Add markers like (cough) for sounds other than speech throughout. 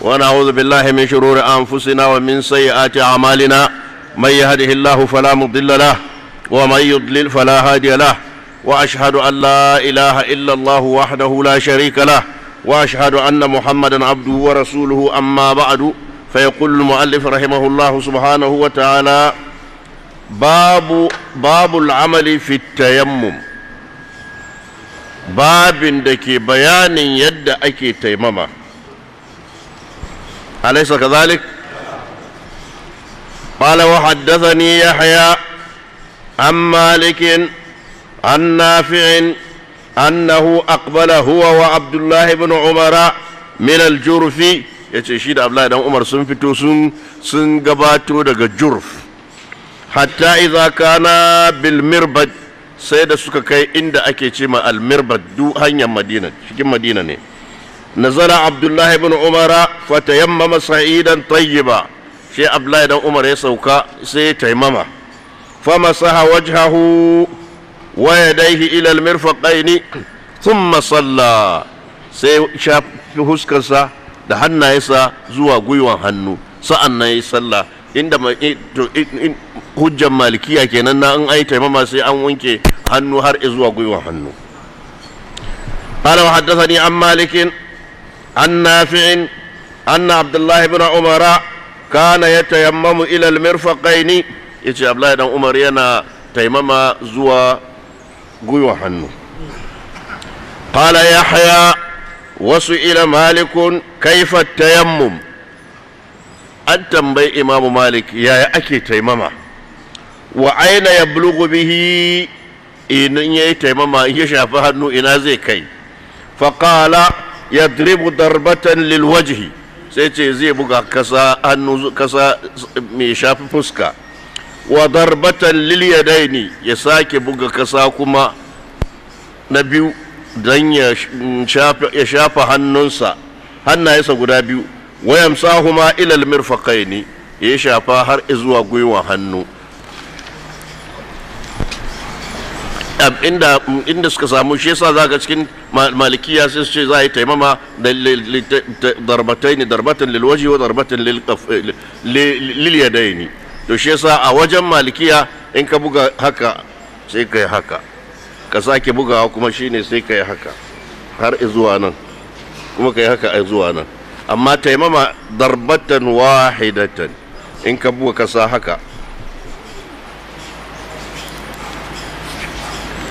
ونعوذ بالله من شرور أنفسنا ومن سيئات أعمالنا من يهده الله فلا مضل له ومن يضلل فلا هادي له وأشهد أن لا إله إلا الله وحده لا شريك له وأشهد أن محمدا عبده ورسوله أما بعد فيقول المؤلف رحمه الله سبحانه وتعالى باب باب العمل في التيمم باب دكي بيان يد أكي تيممه أليس كذلك قال وحدثني يحيى عن مالك عن نافع أنه أقبل هو وعبد الله بن عمر من الجرف يتشيد عبد الله بن عمر سنفتو سن سنقباتو دق الجرف حتى إذا كان بالمربد سيد سككي عند أكيشيما المربد دو هنيا مدينة شكي مدينة نيه نزل عبد الله بن عمر فتيمم صعيدا طيبا شي عبد الله بن عمر يسوكا سيتيمم فمسح وجهه ويديه الى المرفقين ثم صلى سيشاف هسكسا da hannayensa zuwa gwiwan hannu sa'an na yi sallah inda hujjan malikiya kenan na in ai taimama sai an wanke hannu har zuwa gwiwan hannu haddasa ni an malikin. عن نافع أن عبد الله بن عمر كان يتيمم إلى المرفقين يجي عبد الله بن عمر ينا تيمم زوا قوي حنو قال يحيى وسئل مالك كيف التيمم an tambayi imamu malik yaya ake taimama wa aina ya bulugu bihi in ya yi taimama ya shafi hannu ina zai kai faƙala ya dribu darbatan lil wajhi sai ce zai buga kasa hannu kasa mai shafi fuska wa darbatan lil yadaini ya sake buga kasa kuma na biyu don ya shafa hannunsa hannayensa guda biyu wayan sahuma ilal mirfaqaini ya shafa har zuwa gwiwa hannu inda inda suka samu shi yasa zaka cikin malikiya sai su ce za a yi taimama da darbataini darbatan lil waji wa darbatan eh, lil yadaini to shi yasa a wajen malikiya in ka buga haka sai kai haka ka sake bugawa kuma shine sai kai haka har zuwa nan kuma kai haka zuwa nan amma taimama darbatan wahidatan in ka buga ka sa haka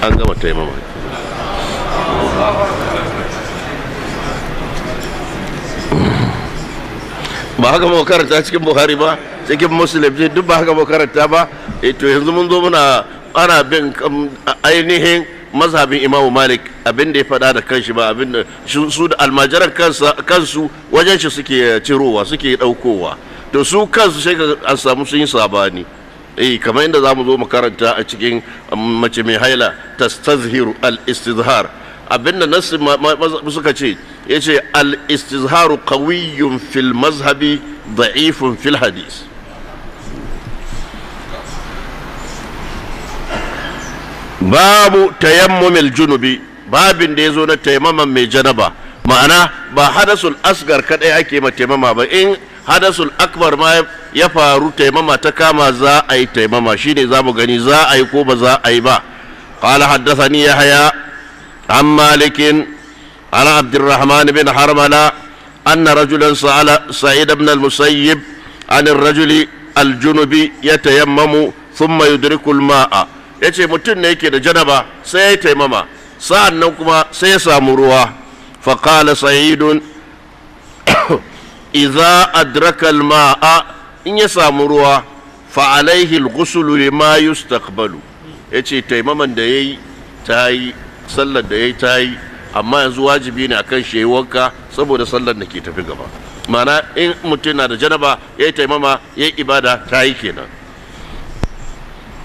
an gama mamaki ba haka mawa karanta cikin buhari ba cikin muslim duk ba haka mawa karanta ba eh, yanzu mun zo muna ana bin um, ainihin mazhabin imamu malik abin da ya faɗa da kanshi ba abin da su da almajiran kansu wajen shi suke eh, cirowa suke daukowa to su kansu shekaru an samu sun yi sabani eh kamar yadda mu zo mu karanta a cikin um, mace mai haila tastazhiru al-istizhar abinda nasu suka ce yace al-istizharu qawiyyun fil mazhabi da'ifun fil hadis babu tayammumil junubi babin da ya zo na taimaman mai janaba ma'ana ba hadasul asgar kadai ake ma taimama ba in hadasul akbar ma ya faru taimama ta kama za ayi taimama shi ne za mu gani za a yi ko ba za a yi ba ƙala haddasa ni ya haya an malikin an abdurrahman bin harmala an na rajulan sa'id ibn al-musayyib an rajuli al-junubi ya tayammamu thumma yudrikul ma'a yace mutum ne yake da janaba sai ya taimama sa'an nan kuma sai ya samu ruwa fa qala sa'idun (coughs) idza adraka al-ma'a in ya samu ruwa fa alaihi al-ghuslu lima yustaqbalu yace taimaman da yayi tayi sallar da yayi tayi amma yanzu wajibi ne akan shi wanka saboda sallar da ke tafi gaba mana in mutum na da janaba yayi taimama yayi ibada tayi kenan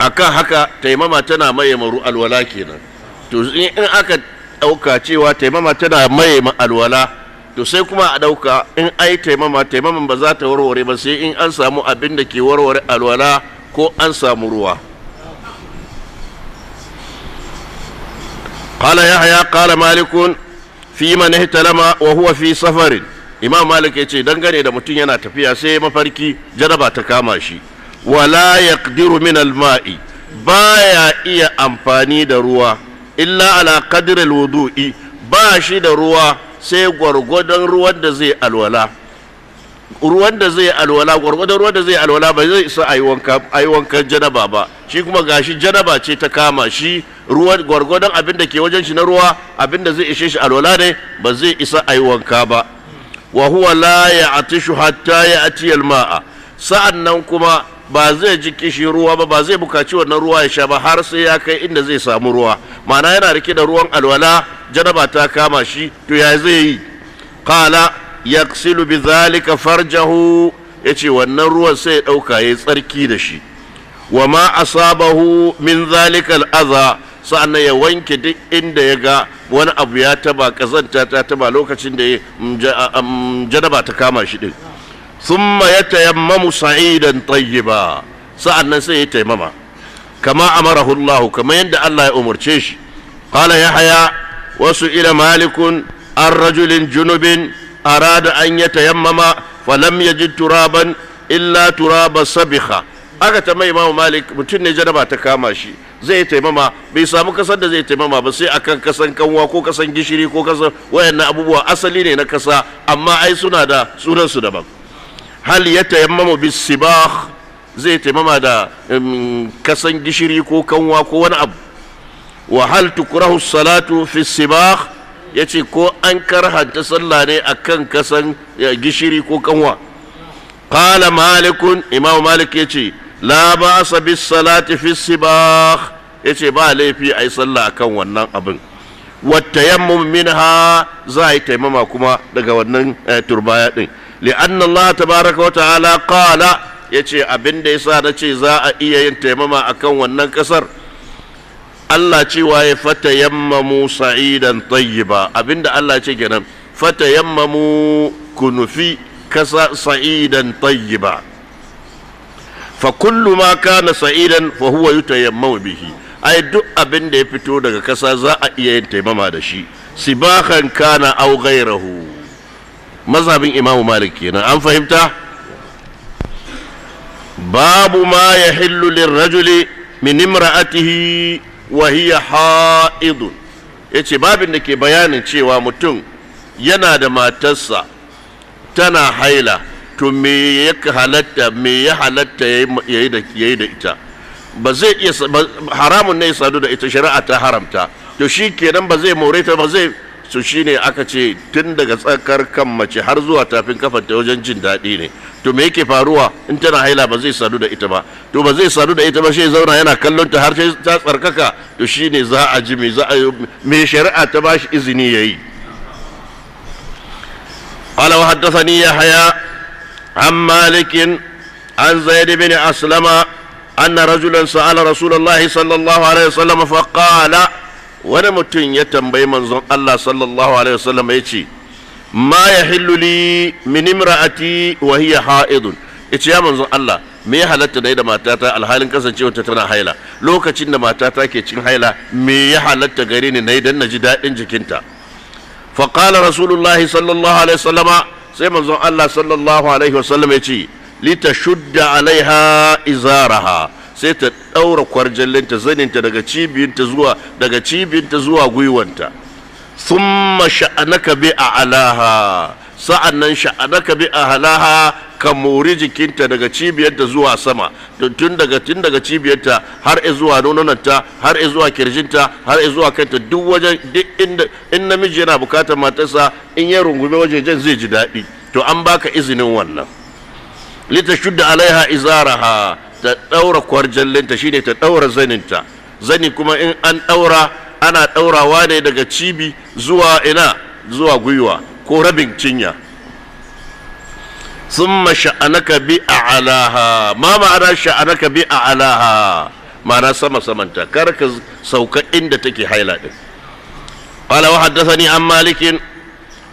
akan haka taimama tana maye maru alwala kenan to in aka ɗauka cewa taimama tana maye alwala to sai kuma a ɗauka in ai taimama taimaman ba za ta warware ba sai in an samu abin da ke warware alwala ko an samu ruwa قال يحيى قال مالك في من اهتلم وهو في سفر imam malik ya ce dangane da mutum yana tafiya sai mafarki jaraba ta kama shi wala yaqdiru min alma'i baya iya amfani da ruwa illa ala qadri alwudu'i ba shi da ruwa sai gwargwadon ruwan da zai alwala ruwan da zai alwala gwargwadon ruwan da zai alwala ba zai isa a yi wankan janaba ba shi kuma gashi janaba ce ta kama shi ruwan gwargwadon abin da ke wajen shi na ruwa abin da zai ishe shi alwala ne ba zai isa a yi wanka ba wa huwa la ya atishu hatta ya atiyal ma'a sa'an nan kuma ba zai ji kishi ruwa ba ba zai bukaci wannan ruwa ya sha ba har sai ya kai inda zai samu ruwa ma'ana yana rike da ruwan alwala janaba ta kama shi to ya zai yi ya silu bi zalika farjahu ce wannan ruwan sai ya dauka tsarki da shi wa ma asabahu min zalika al'aza sa'annan ya wanke duk inda ya ga wani abu ya taba kazanta ta taba lokacin da ya, mm, mm, janaba ta kama shi din thumma yatayammamu sa'idan tayyiba sa'annan sai ya taimama kama amarahu Allah kama yadda Allah ya umarce shi qala yahya wasu ila malikun an rajulin junubin arada an yatayammama falam yajid turaban illa turaba sabikha aka ta mai imamu malik mutum ne janaba ta kama shi zai taimama bai samu kasar da zai taimama ba sai akan kasan kanwa ko kasan gishiri ko kasan wayannan abubuwa asali ne na kasa amma ai suna da sunansu daban hal ya tayammamu bis sibah zai taimama da kasan gishiri ko kanwa ko wani abu wa hal tukrahu salatu fi sibah yace ko an karhanta sallah ne akan kasan gishiri ko kanwa qala malikun imam malik yace la ba'sa bis salati fi sibah yace ba laifi ai sallah akan wannan abin watayammum minha za a yi taimama kuma daga wannan turbaya din لأن الله تبارك وتعالى قال يجي أبن ديسا نتي زاء إيا ينتمما أكون ونن الله جي واي فتيمموا سعيدا طيبا أبن دي الله جي جنم فتيمموا كنفي كسا سعيدا طيبا فكل ما كان سعيدا فهو يتيمم به أي دو أبن دي فتو دي كسا زاء za a iya yin سباخا كان أو غيره mazhabin imamu malik kenan an fahimta babu ma ya hillu rajuli min imra'atihi wa hiya ha'idun yace babin da ke bayanin cewa mutum yana da matarsa tana haila to me ya halatta me ya halatta yayi da da ita ba zai iya haramun ne ya sadu da ita shari'a ta haramta to shi kenan ba zai more ba zai su shine aka ce tun daga tsakar kan mace har zuwa tafin kafanta wajen jin daɗi ne to me yake faruwa in tana haila ba zai sadu da ita ba to ba zai sadu da ita ba shi zauna yana kallon ta har ta tsarkaka to shine za a ji me za a me shari'a ta shi izini yayi قال وحدثني يحيى عن مالك عن زيد بن أسلم أن رجلا سأل رسول الله صلى الله عليه وسلم فقال wani mutum ya tambayi manzon Allah sallallahu alaihi wasallam ya ce ma ya hilluli min imra'ati wa hiya ha'idun yace ya manzon Allah me ya halatta da matata alhalin kasancewa ta tana haila lokacin da matata ke cin haila me ya halatta gare ni nayi dan naji dadin jikinta fa qala rasulullahi sallallahu alaihi wasallama sai manzon Allah sallallahu alaihi wasallam ya ce litashudda alaiha izaraha sai ta ɗaura kwarjallinta zaninta daga cibiyinta zuwa daga cibiyinta zuwa gwiwanta thumma sha'anaka bi a'laha sa'annan sha'anaka bi a a'laha ka mori jikinta daga cibiyarta zuwa sama tun daga tun daga cibiyarta har zuwa nononanta har zuwa kirjinta har zuwa kanta duk wajen duk inda in namiji yana bukatar matarsa in ya rungume wajejen zai ji daɗi to an baka izinin wannan lita shudda alaiha izaraha ta ɗaura kwarjallinta shine ta ɗaura zaninta zani kuma in an ɗaura ana ɗaurawa ne daga cibi zuwa ina zuwa gwiwa ko rabin cinya summa sha'anaka bi a'laha ma ma'ana sha'anaka bi a'laha ma'ana sama samanta kar ka sauka inda take haila din qala wa haddathani an malikin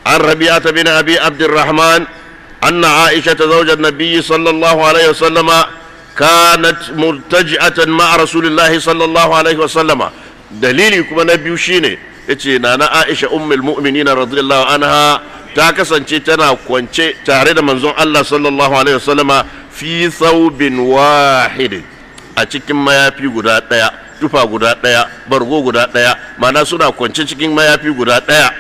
an rabi'ata bin abi abdurrahman anna aisha zawjan nabiyyi sallallahu alaihi wasallama kanat murtaji'atan a rasulillahi sallallahu alaihi wasallama dalili kuma na biyu shine yace na Aisha ummul mu'minin radiyallahu anha ta kasance tana kwance tare da manzon Allah sallallahu alaihi wasallama fi thawbin wahid a cikin mayafi guda daya tufa guda daya bargo guda daya mana suna kwance cikin mayafi guda daya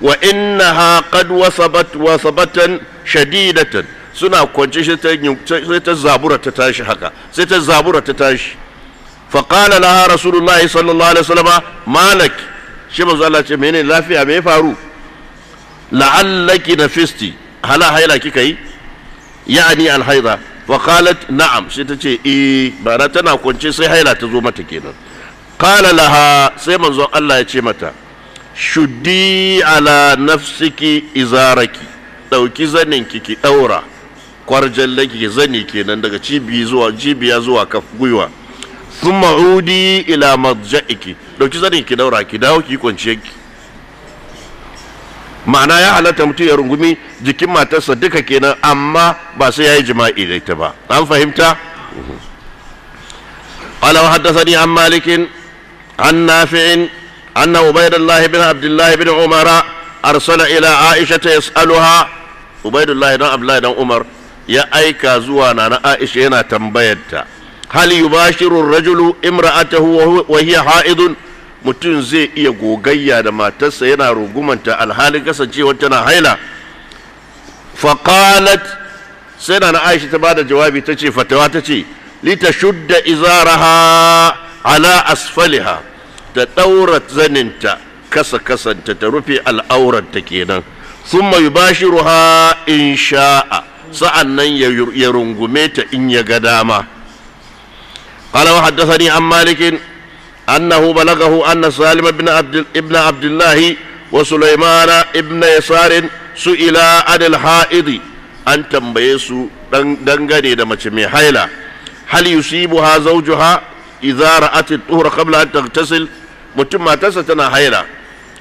wa innaha qad wasabat wasabatan shadidatan suna kwance shi sai ta zabura ta tashi haka sai ta zabura ta tashi faƙala laha rasulullahi sallallahu alaihi wasallama malak shi manzo Allah ce mene lafiya me faru la'allaki nafisti hala haila kika yi ya'ani alhaida wa qalat na'am sai ta ce eh bara tana kwance sai haila ta zo mata kenan qala laha sai manzon Allah ya ce mata shuddi ala nafsiki izaraki dauki zanin ki ki daura kwarjan laki zani kenan daga cibiya zuwa cibiya zuwa ka gwiwa sun ma'udi ila marja'iki dauki zani ki daura ki dawo ki kwanciya ki ma'ana ya halatta mutum ya rungumi jikin matarsa duka kenan amma ba sai ya yi jima'i da ita ba an fahimta قال وحدثني عن مالك عن نافع أن عبيد الله بن عبد الله بن عمر أرسل إلى عائشة يسألها عبيد الله بن عبد الله بن عمر ya aika zuwa na Aisha yana tambayarta hal yubashiru rajulu imra'atahu wa hiya ha'idun mutum zai iya gogayya da matarsa yana rugumanta alhalin kasancewa tana haila faqalat sai na Aisha ta bada jawabi tace fatawa tace litashudda izaraha ala asfaliha ta daura zaninta kasa kasanta ta rufe al'aurarta kenan summa yubashiruha in sha'a sa’an nan ya rungume ta in ya ga dama ƙalawa haddasa ni an malikin annahu balagahu anna salim ibn abdullahi wa sulaimana ibn yasarin su ila adil ha’idi an tambaye su dangane da mace mai haila hal yusibu ha zauju ha izara atin tuhur kabla ta tasil mutum matarsa tana haila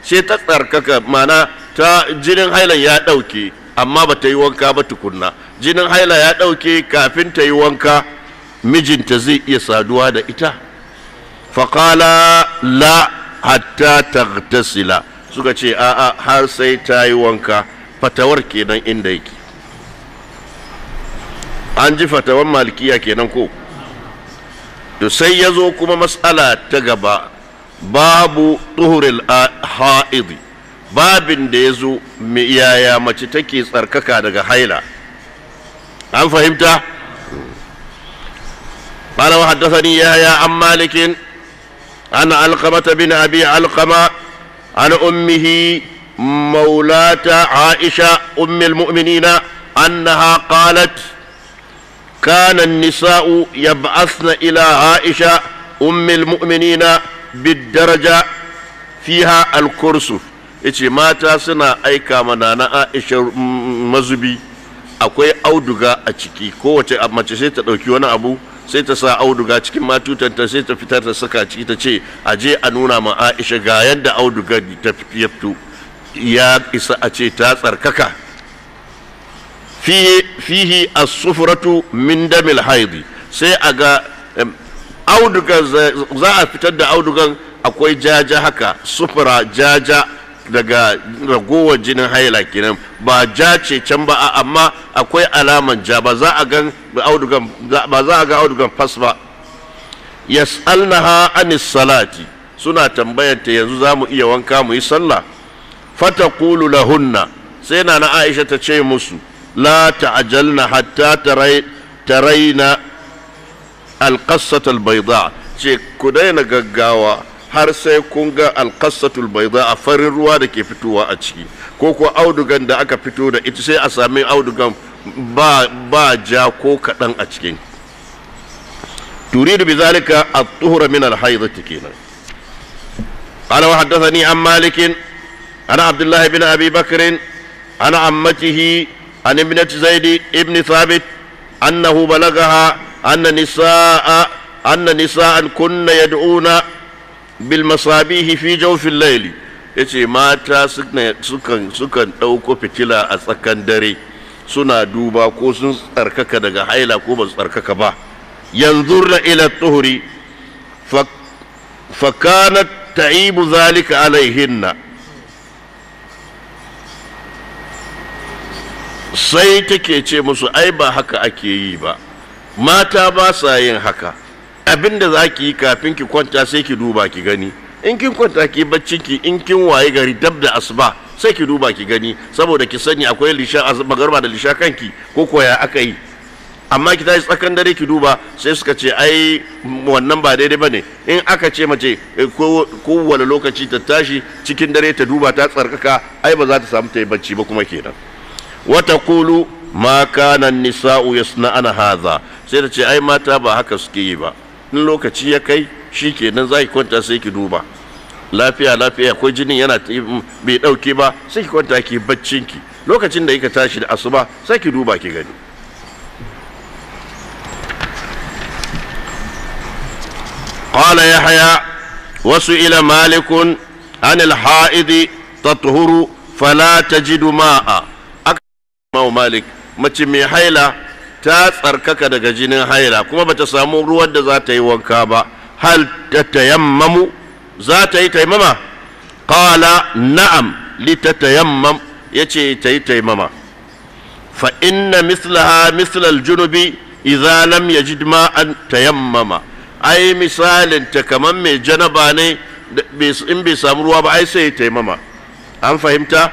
sai ta tsarkaka mana ta jinin hailan ya ɗauke amma ba ta yi wanka ba tukunna jinin haila ya ɗauke kafin ta yi wanka mijinta zai iya saduwa da ita faƙala la hatta taghtasila suka ce a'a har sai ta yi wanka fatawar kenan inda yake an ji fatawar malikiya kenan ko to sai ya zo kuma matsala ta gaba babu tuhuril ha'idi babin da yazo mi iyaya mace take tsarkaka daga haila an fahimta wa وحدثني يحيى عن مالك عن alqamata bin abi alqama an ummihi مولاة عائشة أم المؤمنين أنها قالت كان النساء يبعثن إلى عائشة أم المؤمنين بالدرجة فيها الكرسف yace mata suna aika mana na Aisha mazubi akwai auduga a ciki kowace mace sai ta ɗauki wani abu sai ta sa auduga cikin matutanta sai ta fitar ta saka ciki ta ce a je a nuna ma Aisha ga yadda auduga ta fito ya isa a ce ta tsarkaka fihi as-sufratu min damil haidi sai a ga audugan za a fitar da audugan akwai jaja haka sufura jaja daga ragowar jinin haila kenan ba ja ce can ba amma akwai alaman ja ba za a ga audugan fas ba yas'alnaha anis salati suna tambayar ta yanzu za mu iya wanka mu yi sallah fataqulu lahunna sai na na Aisha ta ce musu la ta'ajalna hatta taraina alqassata albayda ce ku daina gaggawa har sai kun ga alƙasatul baiza za a farin ruwa da ke fitowa a ciki ko ko audugan da aka fito da ita sai a sami audugan ba, ba ja ko kaɗan a cikin turidu bi zalika a tuhura min al kenan qala wa haddathani an malikin ana abdullahi bin abi bakr ana ammatihi عن ابنة زيد ابن ثابت أنه بلغها أن نساء أن نساء كن يدعون bil masabihi fi jawfil Ya yace mata sukan ɗauko fitila a tsakan dare suna duba ko sun tsarkaka daga haila ko ba su tsarkaka ba na ila tuhuri fakanat ta'ibu zalika alaihinna sai take ce musu ai ba haka ake yi ba mata ba sa yin haka abinda za ki yi kafin ki kwanta sai ki duba ki gani in kin kwanta ki bacci ki in kin waye gari dab da asuba sai ki duba ki gani saboda ki sani akwai lisha magarba da lisha kanki ko koya aka yi amma ki tashi tsakan dare ki duba sai suka ce ai wannan ba daidai bane in aka ce mace eh, kowane lokaci ta tashi cikin dare ta duba ta tsarkaka ai ba za ta samu ta yi bacci ba kuma kenan wata kulu ma kana nisa'u yasna'ana haza, sai ta ce ai mata ba haka suke yi ba in lokaci ya kai shi ke nan za ki kwanta sai ki duba lafiya lafiya ko jinin yana mm, bai ɗauke ba sai ki kwanta ki baccin ki lokacin da kika tashi da asuba sai ki duba ki gani قال يحيى وسئل مالك ta الحائض تطهر فلا ma'a aka أكثر malik mace mai haila. ta tsarkaka daga jinin haila kuma bata samu ruwan da za ta yi wanka ba hal ta tayammamu za ta yi taimama qala na'am li ta tayammam yace ta yi taimama fa inna mislaha misla junubi idza lam yajid ma'an tayammama ai misalin ta kaman mai janaba ne in bai samu ruwa ba ai sai ya taimama an fahimta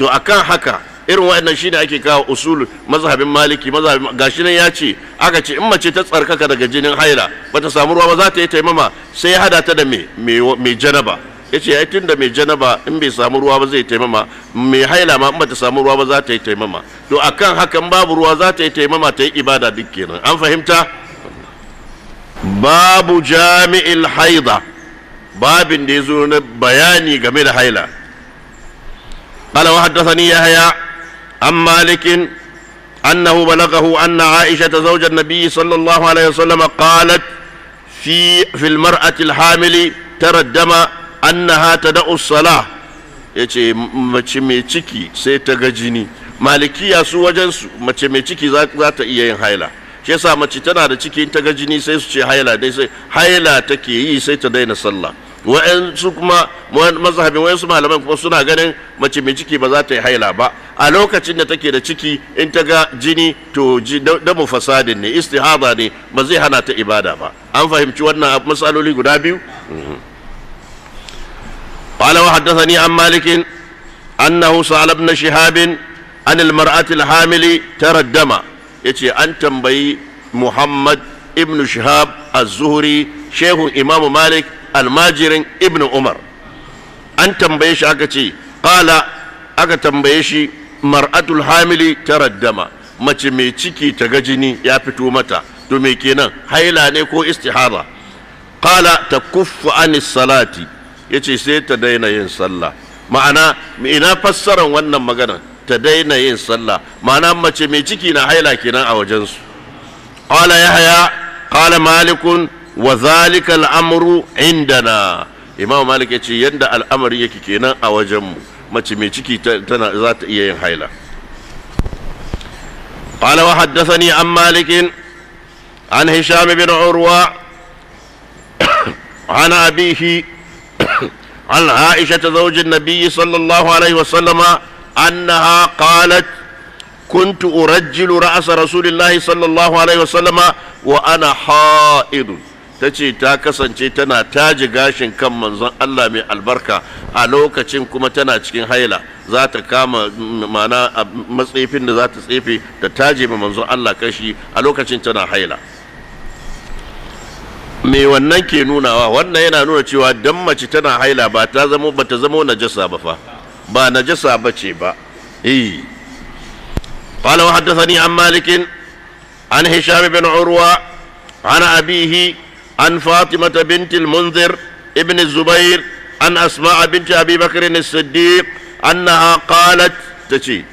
to akan haka irin wa'annan shine ake kawo usul mazhabin maliki mazhabin gashi nan ya ce aka ce in mace ta tsarkaka daga jinin haila bata samu ruwa ba za ta yi taimama sai ya hada ta da me me janaba ce ai tunda mai janaba in bai samu ruwa ba zai taimama mai haila ma in bata samu ruwa ba za ta yi taimama to akan hakan babu ruwa za ta yi taimama ta yi ibada duk kenan an fahimta babu jami'il haida babin da ya zo na bayani game da haila قال وحدثني يحيى عن مالك أنه بلغه أن عائشة زوج النبي صلى الله عليه وسلم قالت في في المرأة الحامل ترى الدم أنها الصلاة yace mace mai ciki sai ta ga jini malikiya su wajensu mace mai ciki za ta iya yin haila shi yasa mace tana da ciki ta ga jini sai su ce haila dai sai haila take yi sai ta daina sallah wa'ansu kuma mazhabin wa'ansu malaman kuma suna ganin mace mai ciki ba za ta yi haila ba a lokacin da take da ciki in ta ga jini to damu fasadin ne istihada ne ba zai hana ta ibada ba an fahimci wannan matsaloli guda biyu mhm. قال وحدثني عن مالك أنه سأل ابن شهاب عن المرأة الحامل ترى الدم يتي أن تنبي محمد ابن شهاب الزهري شيخ إمام مالك almajirin ibn umar an tambaye shi aka ce kala aka tambaye shi mar'atul hamili ta raddama mace mai ciki ta gajini ya fito mata to me kenan haila ne ko istihara kala ta kuffu anis salati ya ce sai ta daina yin sallah ma'ana ina fassaran wannan magana ta daina yin sallah ma'ana mace mai ciki na haila kenan a wajensu ya haya, kala malikun وذلك الامر عندنا امام مالك يجي يندا الامر يكي al'amari اوجم kenan a wajenmu mace mai ciki قال وحدثني عن مالك عن هشام بن عروة (coughs) عن أبيه (coughs) عن عائشة زوج النبي صلى الله عليه وسلم أنها قالت كنت أرجل رأس رسول الله صلى الله عليه وسلم وأنا حائض ta ce ta kasance tana taji gashin kan manzon Allah mai albarka a lokacin kuma tana cikin haila za ta kama mana mm, a da za ta tsefe ta taje ma manzon Allah kashi a lokacin tana haila me wannan ke nunawa wannan yana nuna cewa dan mace tana haila ba ta zamo ba ta zamo najasa ba fa ba najasa ba ce ba eh wa وحدثني an malikin an hisham ibn urwa, عن ابيه عن فاطمة بنت المنذر ابن الزبير عن أسماء بنت أبي بكر الصديق أنها قالت تشي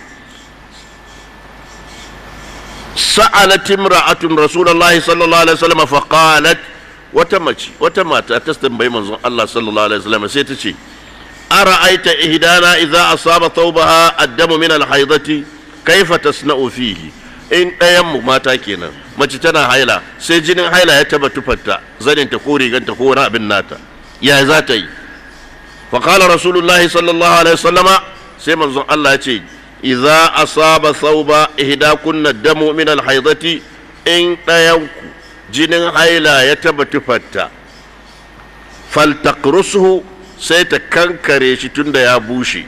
سألت امرأة رسول الله صلى الله عليه وسلم فقالت وتمشي وتمات تستنبي من الله صلى الله عليه وسلم سيتشي أرأيت إهدانا إذا أصاب ثوبها الدم من الحيضة كيف تصنع فيه in ɗayan mu mata kenan mace tana haila sai jinin haila ya taba tufarta zanin ta ko rigan ko wani abin nata ya za ta yi faƙala rasulullahi sallallahu alaihi wasallama sai manzon Allah ya ce idza asaba thawba kunna damu min alhaidati in ɗayan ku jinin haila ya taba tufarta faltaqrusuhu sai ta kankare shi tunda ya bushe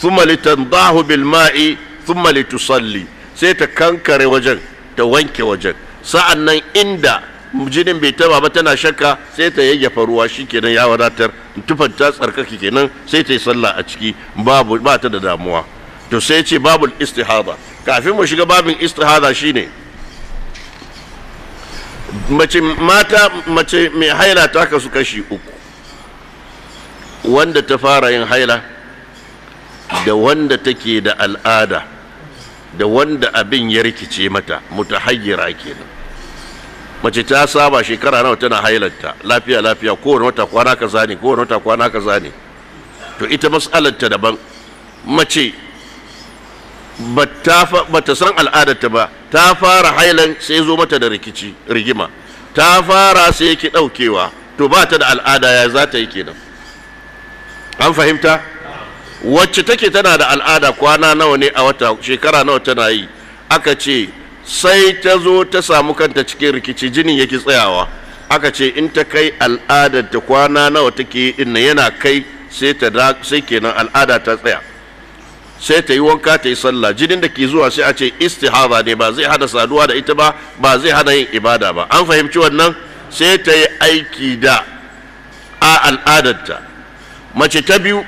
thumma litandahu bil ma'i thumma litusalli sai ta kankare wajen ta wanke wajen sa'an nan inda jinin bai taba ba tana shakka sai ta yayyafa ruwa kenan ya wadatar tufan ta tsarkake kenan sai ta yi sallah a ciki babu ba ta da damuwa to sai ce babul istihada kafin mu shiga babin istihada shine mace mata mace mai haila ta kasu kashi uku wanda ta fara yin haila da wanda take da al'ada da wanda abin ya rikice mata mutahayyira kenan mace ta saba shekara nawa tana hailanta lafiya lafiya kowane wata kwana ka zane kowane wata kwana ka zane. to ita mas'alarta daban mace bata san al'adarta ba ta fara hailan sai zo mata da rikici rigima ta fara sai yake daukewa to ba ta da al'ada ya za ta yi kenan an fahimta wacce take tana da al'ada kwana nawa ne a wata shekara nawa tana yi aka ce sai ta zo ta samu kanta cikin rikici jinin yake tsayawa aka ce in ta kai al'ada ta kwana nawa take inna yana kai sai ta sai kenan al'ada ta tsaya sai ta yi wanka ta yi sallah jinin da ke zuwa sai a ce istihaba ne ba zai hada saduwa da ita ba ba zai hada yin ibada ba an fahimci wannan sai ta yi aiki da a al'adarta mace ta biyu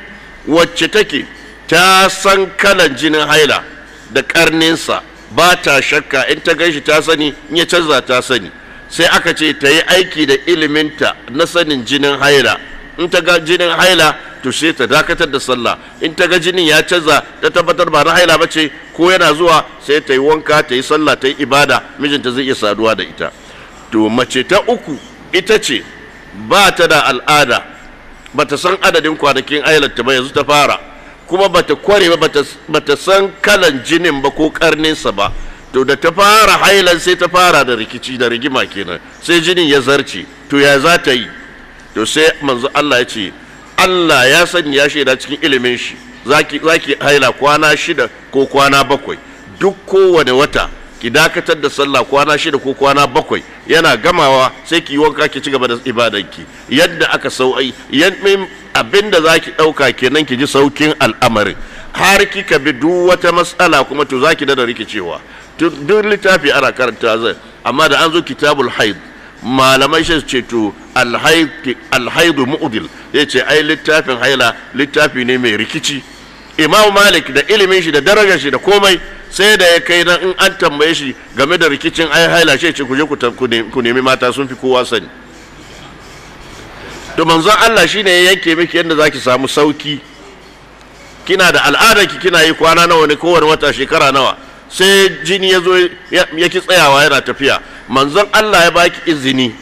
wacce take ta san kalan jinin haila da karninsa ba ta shakka in ta ganshi ta sani in ya canza ta sani sai aka ce ta yi aiki da iliminta na sanin jinin haila in ta ga jinin haila to sai ta dakatar da sallah in ta ga jinin ya canza ta tabbatar ba na haila ba ce ko yana zuwa sai ta yi wanka ta yi sallah ta yi ibada mijinta zai iya saduwa da ita to mace ta uku ita ce ba ta da al'ada bata san adadin kwanakin ailarta ba yanzu ta fara kuma bata kware ba bata san kalan jinin ba ko karninsa ba to da ta fara hailan sai ta fara da rikici da rigima kenan sai jinin ya zarce to ya za ta yi to sai manzo Allah ya ce Allah ya sani ya shaida cikin ilimin shi zaki zaki haila kwana shida ko kwana bakwai duk kowane wata ki dakatar da sallah kwana shida ko kwana bakwai yana gamawa sai ki wanka ki ci gaba da ibadanki yadda aka sau'ai abinda za ki ɗauka kenan ki ji saukin al'amarin har kika bi duk wata matsala kuma to za ki da rikicewa duk littafi ana karanta zai amma da an zo kitabul haid malamai shi ce to alhaidu mu'udil ya ce ai littafin haila littafi ne mai rikici imam malik da ilimin shi da darajar shi da komai sai da ya kai nan in an tambaye shi game da rikicin ai haila shi ce ku je ku nemi mata sun fi kowa sani to manzon Allah shine ya yanke miki yadda zaki samu sauki kina da al'ada ki kina yi kwana nawa ne kowane wata shekara nawa sai jini ya zo ya ki tsayawa yana tafiya manzon Allah ya baki izini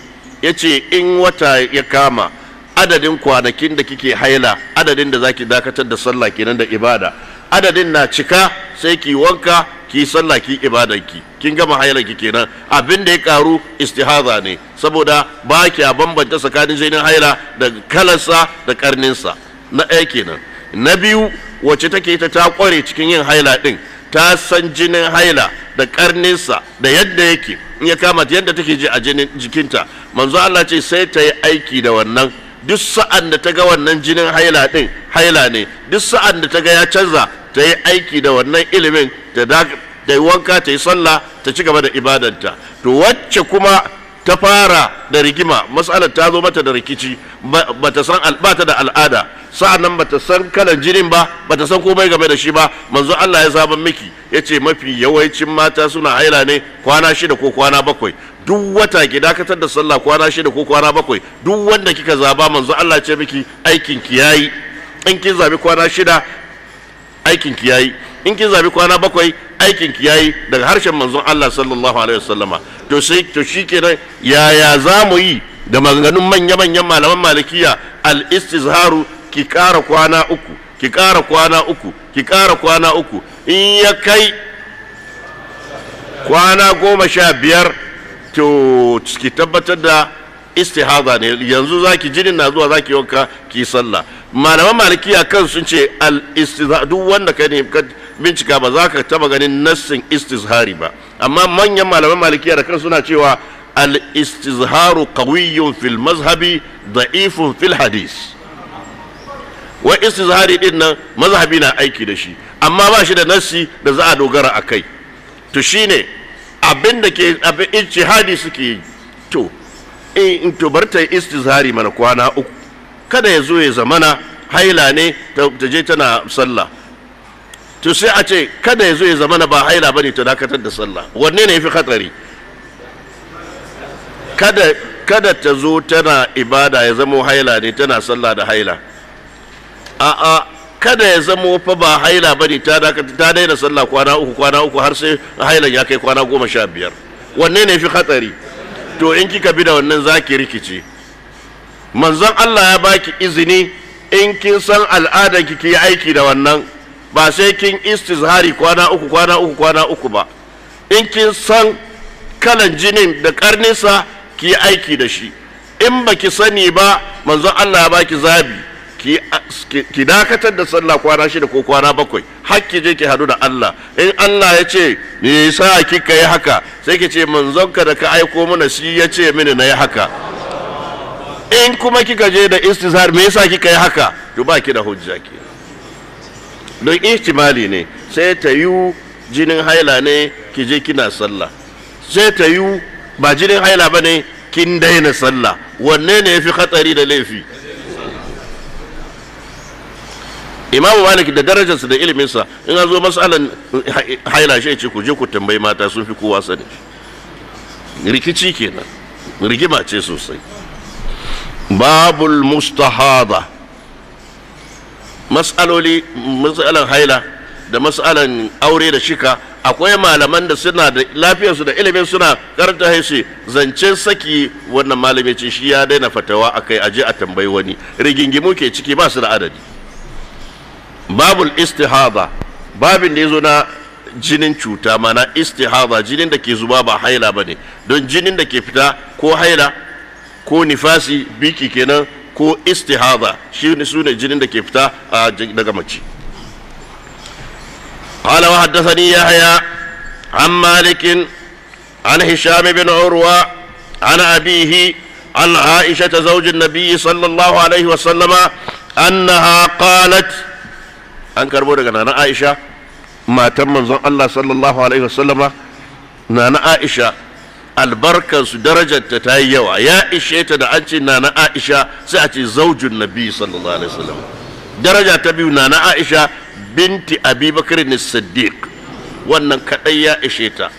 ya ce in wata ya kama adadin kwanakin da kike haila adadin da zaki dakatar da sallah kenan da ibada adadin na cika sai ki wanka ki sallah ki ibadanki kin gama ki kenan abin da ya karu istihaza ne saboda ba ki a bambanta tsakanin jinin haila da kalarsa da karninsa na ɗaya kenan na biyu wacce take ta ta kware cikin yin haila din ta san jinin haila da karninsa da yadda yake in ya kama yadda take ji a jikinta manzo Allah ce sai ta yi aiki da wannan duk sa'an da ta ga wannan jinin haila din haila ne duk sa'an da ta ga ya canza ta yi aiki da wannan ilimin ta yi wanka ta yi sallah ta ci gaba da ibadanta to wacce kuma ta fara da rigima matsalar ta zo mata da rikici bata san albata da al'ada sa'an nan ba ta san kalan jinin ba ba ta san komai game da shi ba manzo Allah ya zaban miki ya ce mafi yawancin mata suna haila ne kwana shida ko kwana bakwai duk wata ki dakatar da sallah kwana shida ko kwana bakwai duk wanda kika zaba manzo Allah ce miki aikin ki yayi in kin zabi kwana shida aikin ki yayi in kin zabi kwana bakwai aikin ki yayi daga harshen manzon Allah sallallahu alaihi wasallama to sai to shikenan yaya zamu yi da maganganun manya-manyan malaman malikiya al-istizharu ki kara kwana uku ki kara kwana uku ki kara kwana uku in ya kai kwana goma sha biyar to ki tabbatar da istihaza ne yanzu zaki jinin na zuwa zaki wanka ki sallah malaman malikiya kan sun ce al duk wanda ka ne bincika ba za ka taba ganin nassin istizhari ba amma manyan malaman malikiya da kan suna cewa al istizharu qawiyyun fil mazhabi da'ifun fil hadis wa istizhari din nan mazhabi na aiki da shi amma ba shi da nassi da za a dogara akai to shine abinda ke abin ijtihadi suke yi to eh, in to bar ta istizhari mana kwana uku kada ya zo ya zamana haila ne ta je tana sallah to sai a ce kada ya zo ya zamana ba haila bane ta dakatar da sallah wanne ne yafi khatari kada kada ta zo tana ibada ya zamo haila ne tana sallah da haila a'a kada ya zama fa ba haila ba ne ta daina sallah kwana uku kwana uku har sai hailan ya kai kwana goma sha biyar wanne ne fi hatsari to in kika bi da wannan za ki rikici manzon allah ya baki izini in kin san al'adar ki ki aiki da wannan ba sai kin istizhari kwana uku kwana uku kwana uku ba in kin san kalan jinin da karninsa ki aiki da shi in baki sani ba manzon allah ya baki zabi ki dakatar da sallah kwana shida ko kwana bakwai hakki je ki hadu da Allah in Allah ya ce me yasa kika yi haka sai ki ce manzonka da ka aiko mana shi ya ce mini na yi haka in kuma kika je da istizhar me yasa kika yi haka to ba ki da hujja ke don ihtimali ne sai ta yi jinin haila ne ki je kina sallah sai ta yi ba jinin haila bane kin daina sallah wanne ne yafi fi hatsari da laifi imamu malik da darajarsa da iliminsa in an zo matsalan haila shi ce ku je ku tambayi mata sun fi kowa sani rikici kenan rigima ce sosai babul mustahada mas'aloli mas'alan haila da mas'alan aure da shika akwai malaman da suna da lafiyarsu da ilimin suna karanta haishi, zancen saki wannan malamin shi ya daina fatawa akai aje a tambayi wani rigingimu ke ciki ba su da adadi babul istihada babin da ya zo na jinin cuta mana istihada jinin da ke zuba ba haila ba ne don jinin da ke fita ko haila ko nifasi biki kenan ko istihada shi ne sune jinin da ke fita daga mace قال وحدثني يحيى عن مالك عن هشام بن عروة عن أبيه عن عائشة زوج النبي صلى الله عليه وسلم أنها قالت an karbo daga nana aisha matan manzon allah sallallahu alaihi wasallama nana aisha albarkansu darajarta ta yi yawa ya ishe ta da an ce nana aisha sai a ce zaujun nabi sallallahu alaihi wasallam daraja ta biyu nana aisha binti abubakar ne siddiq wannan kadai ya ishe ta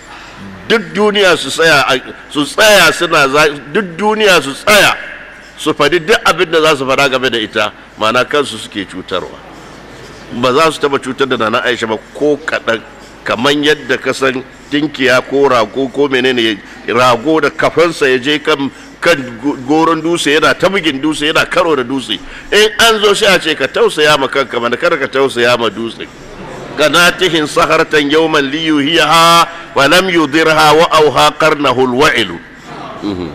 duk duniya su tsaya su tsaya suna duk duniya su tsaya su faɗi duk abin da za su faɗa game da ita ma'ana kansu suke cutarwa ba za su taba cutar da nana aisha ba ko kaɗan kamar yadda ka san tinkiya ko rago ko menene rago da kafansa ya je kan kan goron dutse yana ta bugin dutse yana karo da dutse in an zo shi a ce ka tausaya ma kanka mana kar ka tausaya ma dutse ganatihin sahartan yawman liyuhiha wa lam yudirha wa auha qarnahu alwa'ilu mhm.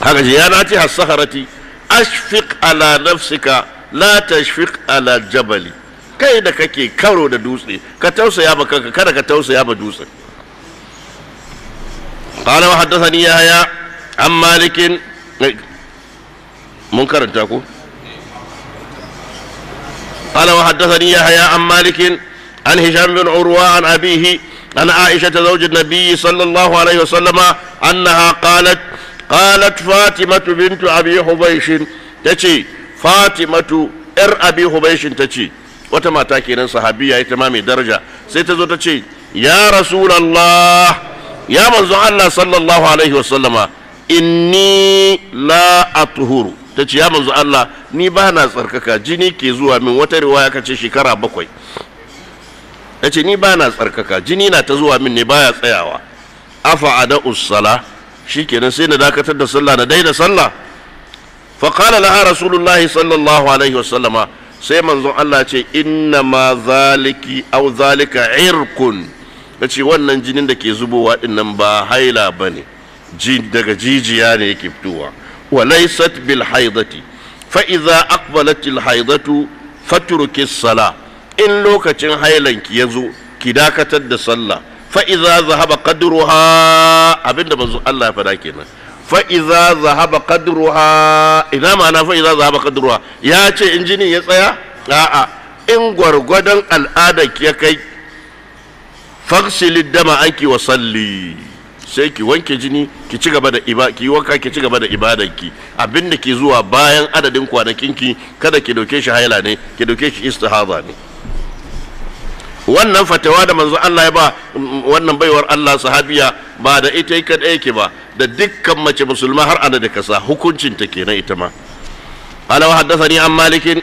haka ji ya nati hasaharati ashfiq ala nafsika la tashfiq ala jabali kai da kake karo da dutse ka tausaya ba kanka kada ka tausaya ba dutse qala wa haddathani yahya am malikin eh, mun karanta ko qala wa haddathani yahya am malikin an hisham bin urwa an abihi an aisha ta zauji nabi sallallahu alaihi wasallam annaha qalat qalat fatimatu bintu abi hubaysh tace fatimatu yar abi hubaishin ta ce wata mata kenan sahabiya ita ma mai daraja sai ta zo ta ce ya rasulallah ya manzon Allah sallallahu alaihi wasallama inni la atuhuru ta ce ya manzon Allah ni ba na tsarkaka jini ke zuwa min wata riwaya ka ce shekara bakwai ta ce ni ba na tsarkaka jini na ta zuwa min ne baya tsayawa afa ada shi kenan sai na dakatar da sallah na daina sallah faƙala laha rasulullahi sallallahu alaihi wasallama sai manzon Allah ce inna ma zaliki au zalika irkun wannan jinin da ke zubowa dinnan ba haila ba ne daga jijiya ne yake fitowa walaisat bil haidati fa iza aqbalat al haidatu fatruki sala in lokacin hailanki ki zo ki dakatar da sallah fa iza zahaba qadruha abinda manzon Allah ya faɗa kenan fa'iza zahaba kadruha ina ma'ana fa'iza zahaba kadruha ya ce in jinin ya tsaya a'a in gwargwadon al'ada ya kai faksilid dama aiki wa salli sai ki wanke jini ki ci gaba da iba ki ki ci gaba da ibadanki abinda ke zuwa bayan adadin kwanakinki kada ki dauke shi haila ne ki dauke shi istihaza ne wannan fatawa da manzo Allah ya ba mm, mm, wannan baiwar Allah sahabiya ba da ita yi kadai yake ba da dukkan mace musulma har ana da kasa hukuncin ta kenan ita ma qala wa haddathani an malikin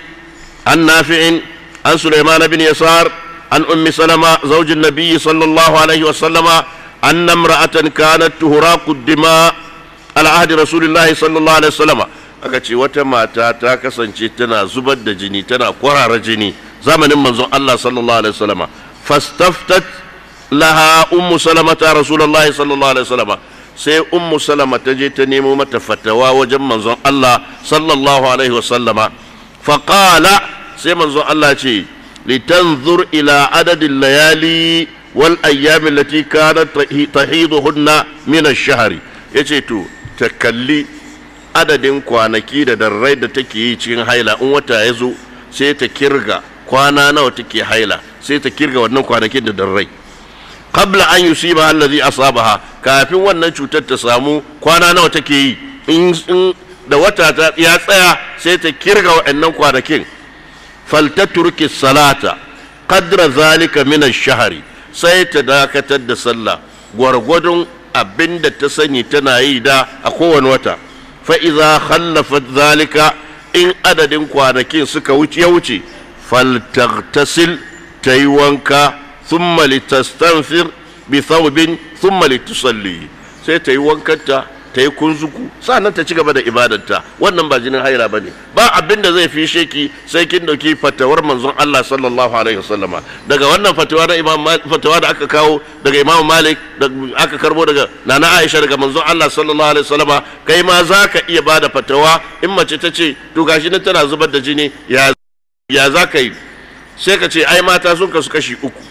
an nafi'in an sulaiman bin yasar an ummi salama zawjin nabiyyi sallallahu alaihi wa sallama anna imra'atan kanat tuhraqu dima ala ahdi rasulillahi sallallahu alaihi wa sallama aka ce wata mata ta kasance tana zubar da jini tana kwarara jini zamanin manzon Allah sallallahu alaihi wasallama fastaftat laha ummu salama ta rasulullahi sallallahu alaihi wasallama sai ummu salama ta je ta nemo mata fatawa wajen manzon Allah sallallahu alaihi wasallama faqala sai manzon Allah ce litanzur ila adadin layali wal ayyam allati kanat tahiduhunna min ash-shahri yace to ta kalli adadin kwanaki da darrai da take yi cikin haila in wata ya zo sai ta kirga kwana nawa take haila sai ta kirga wannan kwanakin da darrai qabla an yusiba allazi asabaha kafin wannan cutar ta samu kwana nawa take yi in da wata ta ya tsaya sai ta kirga wa'annan kwanakin turki salata qadra zalika min ash-shahri sai ta dakatar da sallah gwargwadon abinda ta sani tana yi da a kowane wata fa iza khallafat zalika in adadin kwanakin suka wuce ya wuce فلتغتسل تيوانكا ثم لتستنفر بثوب ثم لتصلي سيتيوانكا ta yi kunzuku sannan ta ci gaba da ibadarta wannan ba jinin haila ba ne ba abin da zai fi sheki sai kin dauki fatawar manzon Allah sallallahu alaihi wasallama daga wannan fatawa na imam fatawa da aka kawo daga imam malik da aka karbo daga nana aisha daga manzon Allah sallallahu alaihi wasallama kai ma zaka iya bada fatawa in mace ta ce to gashi nan tana zubar da jini ya ya za ka yi sai ka ce ai mata sun kasu kashi uku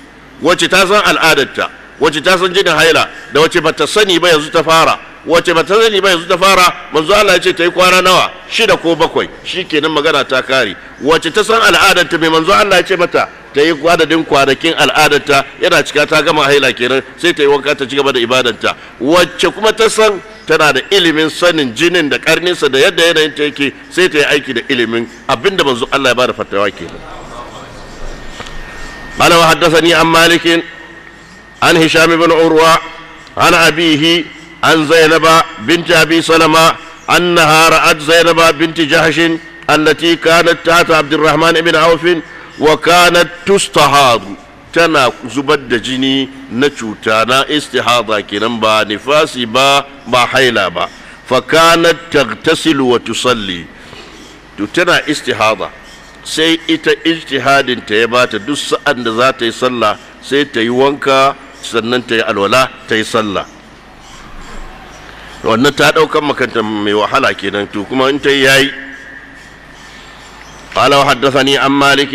wacce ta san al'adarta wace ta san jinin haila da wace bata sani ba yanzu ta fara wace bata sani ba yanzu ta fara manzo Allah ya ce ta yi kwana nawa shida ko bakwai shikenan magana ta kare wace ta san al'adar ta mai manzo Allah ya ce mata ta yi adadin kwanakin al'adar ta yana cika ta gama haila kenan sai ta yi wanka ta ci gaba da ibadarta wace kuma ta san tana da ilimin sanin jinin da karninsa da yadda yanayin ta yake sai ta yi aiki da ilimin abinda manzo Allah ya bada fatawa kenan قال وحدثني عن مالك عن هشام بن عروة عن أبيه عن زينب بنت أبي سلمة أنها رأت زينب بنت جهش التي كانت تحت عبد الرحمن بن عوف وكانت تستحاض tana zubar da jini na cuta na istihada kenan ba nifasi ba ba haila ba fakanat tagtasilu wa tusalli to tana istihada sai ita ijtihadin ta ya bata duk sa'an da za ta yi sallah sai ta yi wanka sannan ta yi alwala ta yi sallah wannan ta daukan makanta mai wahala kenan to kuma in ta yi yayi قال وحدثني عن مالك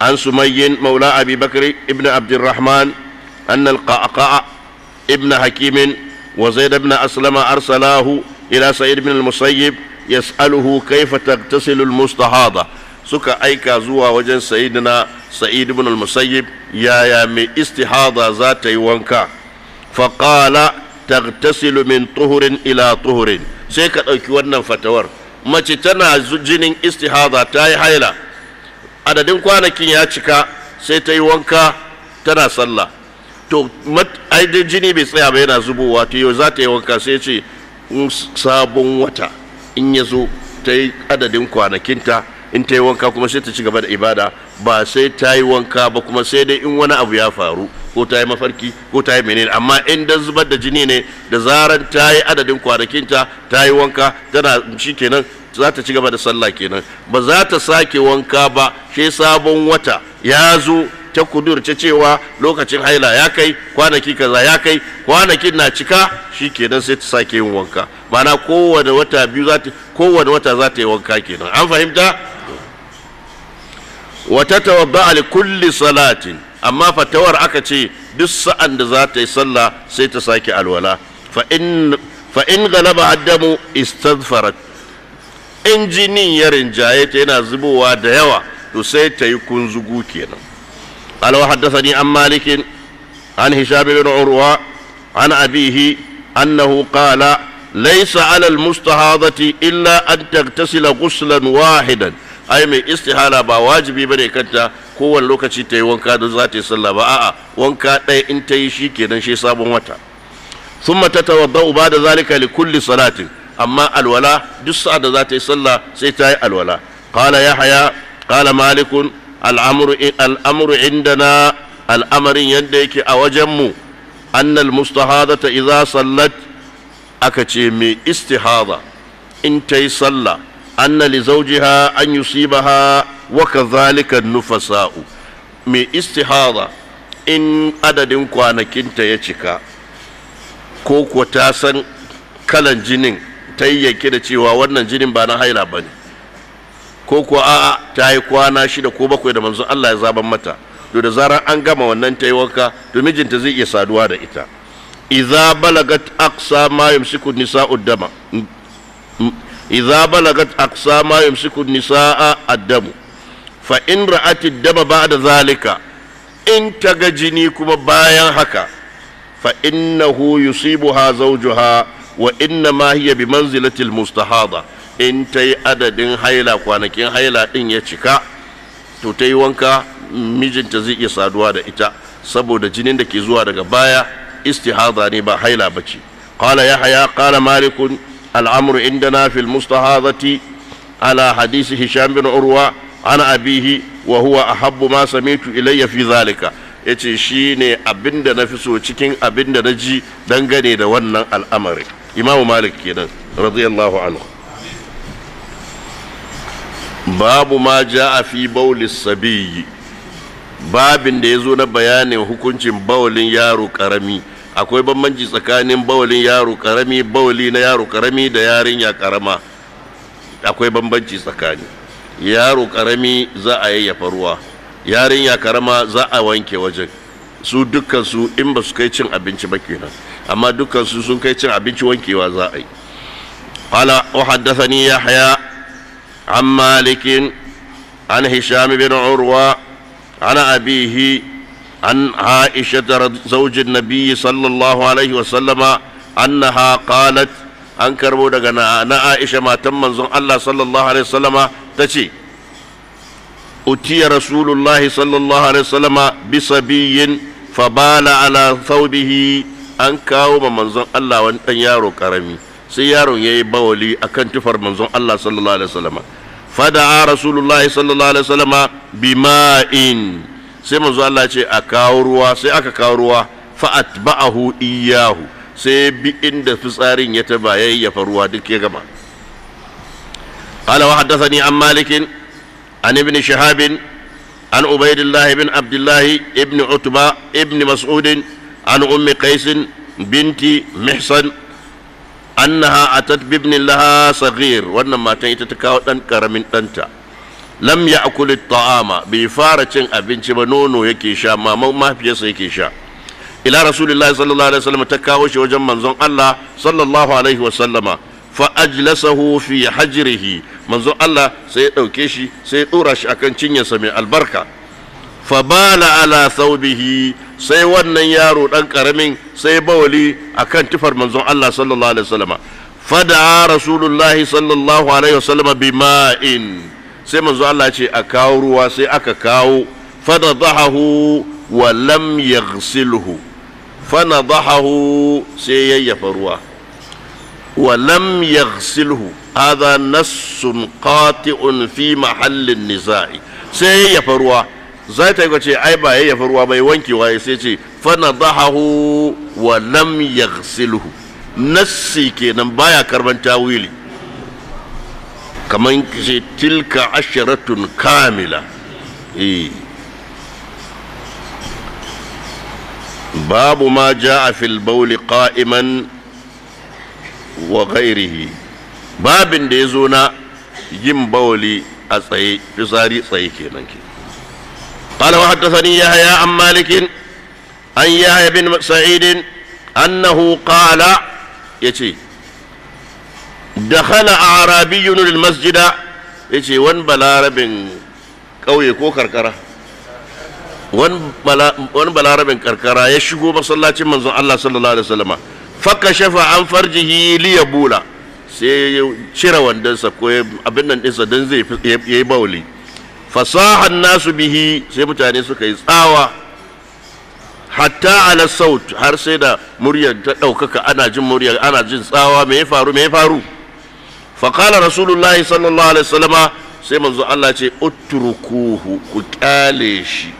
عن سمي مولى أبي بكر ابن عبد الرحمن أن القعقاع ابن حكيم وزيد بن أسلم أرسلاه إلى سعيد بن المسيب يسأله كيف تغتسل المستحاضة suka aika zuwa wajen sayidina sa'id ibn al-musayyib yaya mai istihada za ta yi wanka faqala tagtasilu min tuhurin ila tuhurin sai ka ɗauki wannan fatawar mace tana jinin istihada ta yi haila adadin kwanakin ya cika sai ta yi wanka tana sallah to aidin jini bai tsaya ba yana zubowa to yau za ta yi wanka sai ce sabon wata in ya zo ta yi adadin kwanakinta in ta yi wanka kuma sai ta ci gaba da ibada ba sai ta yi wanka ba kuma sai dai in wani abu ya faru ko ta yi mafarki ko ta yi menene amma in da zubar da jini ne da zarar ta yi adadin kwanakinta ta yi wanka tana shi kenan za ta ci gaba da sallah kenan ba za ta sake wanka ba sai sabon wata ya zo ta ta cewa lokacin haila ya kai kwanaki kaza ya kai kwanakin na cika shi kenan sai ta sake yin wanka mana kowane wata biyu za ta kowane wata za ta yi wanka kenan an fahimta وتتوضا لكل صلاه اما فتور اكتي دس ان ذات صلى سيت ساكي الولا فان فان غلب الدم استظفرت ان جني يرن جايت ينا زبوا دهوا تو سيت يكون زغوكينا قال حدثني عن مالك عن هشام بن عروه عن ابيه انه قال ليس على المستحاضه الا ان تغتسل غسلا واحدا ai mai istihala ba wajibi bane kanta kowane lokaci ta yi wanka da za ta yi sallah ba a'a wanka ɗaya in ta yi shi kenan shi sabon wata tawadda uba da zalika li kulli salatin amma alwala duk sa'a da za ta yi sallah sai ta yi alwala qala yahya qala malikun al'amru al'amru indana al'amarin yadda yake a wajenmu annal mustahadata idza sallat aka ce mai istihada in ta yi sallah anna li zawjiha an yusibaha wa kadhalika nufasa'u mai istihara in adadin kwanakinta ya cika ko ko ta san kalan jinin ta yanke da cewa wannan jinin ba na haila bane ko ko a'a ta yi kwana shida ko bakwai da manzon Allah ya zaban mata to da zarar an gama wannan ta yi wanka to mijinta zai iya saduwa da ita Iza balagat aksa ma yumsiku nisa'ud dama idza balagat aqsa ma yumsiku nisaa ad-dam fa in ra'at ad-dam ba'da zalika in ta ga jini kuma bayan haka fa innahu yusibuha zawjuha wa inna ma hiya bi manzilati al-mustahada in tayi adadin haila kwanakin haila din ya cika to tayi wanka mijinta zai iya saduwa da ita saboda jinin da ke zuwa daga baya istihada ne ba haila bace qala yahya qala malikun الأمر عندنا في المستهاضة على حديث هشام بن عروة عن أبيه وهو أحب ما سمعت إلي في ذلك yace shi ne abin da na fi so cikin abin da na ji dangane da wannan al'amari imamu malik kenan radiyallahu anhu babu ma ja a fi baulis sabiyyi babin da ya zo na bayanin hukuncin baulin yaro karami akwai bambanci tsakanin bawalin yaro karami bawali na yaro karami da yarinya karama akwai bambanci tsakani yaro karami za a yayyafa ruwa yarinya karama za a wanke wajen su dukkan su in ba su kai cin abinci ba kenan amma dukkan su sun kai cin abinci wankewa za a yi hala wa haddathani yahya an malikin an hisham bin urwa ana abihi عن عائشة زوج النبي صلى الله عليه وسلم أنها قالت an karbo daga na aisha matan manzon Allah sallallahu alaihi wasallama ta ce utiya rasulullahi sallallahu alaihi wasallama bi sabiyin fabala ala thawbihi an kawo ma manzon Allah wani dan yaro karami sai yaron yayi bawali akan tufar manzon Allah sallallahu alaihi wasallama fada'a rasulullahi sallallahu alaihi wasallama bima'in sai manzo Allah ce a kawo ruwa sai aka kawo ruwa fa atba'ahu iyyahu sai bi inda fitsarin ya taba ya fa ruwa duk ya gama قال وحدثني عن مالك عن ابن شهاب عن عبيد الله بن عبد الله ابن عتبة ابن مسعود عن أم قيس بنت محصن أنها أتت بابن لها صغير وأنما تتكاوت أنكر من أنت lam ya akuli ta'ama bai fara cin abinci ba nono yake sha maman mafiyarsa yake sha ila rasulullahi sallallahu alaihi wasallam ta kawo shi wajen manzon Allah sallallahu alaihi wasallama fa ajlasahu fi hajrihi manzon Allah sai ya dauke shi sai ya dora shi akan cinyarsa mai albarka fa bala ala thawbihi sai wannan yaro dan karamin sai bawali akan tufar manzon Allah sallallahu alaihi wasallama fada rasulullahi sallallahu alaihi wasallama bima'in sai manzo Allah ce a kawo ruwa sai aka kawo fanadahahu wa lam yaghsilhu fanadahahu sai yayyafa ruwa wa lam yaghsilhu hadha nassun qati'un fi mahallin nizai sai yayyafa ruwa za ta yi ce ai ba yayyafa ruwa bai wanke waye sai ce fanadahahu wa lam yaghsilhu nassi kenan baya karban tawili kamar ce tilka ashiratun kamila e. babu ma ja a filbauli ƙa'iman wa gairihi babin da ya zo na yin Bauli a tsaye fisari tsaye kenan ke قال وحدثني يحيى عن مالك عن bin بن سعيد أنه ya ce. dakhala arabiyyun lil masjida yace wan balarabin kauye ko karkara wan balarabin karkara ya shigo masallacin manzon Allah sallallahu alaihi wasallam Fakka shafa an farjihi li yabula sai ya cire wandonsa ko abin nan dinsa dan zai yayi bauli fasahan nasu bihi sai mutane suka yi tsawa hatta ala saut har sai da muryar ta ɗaukaka ana jin muryar ana jin tsawa me ya faru me ya faru faƙala rasulullahi sallallahu alaihi wasallama sai manzo Allah ce utrukuhu ku kyale shi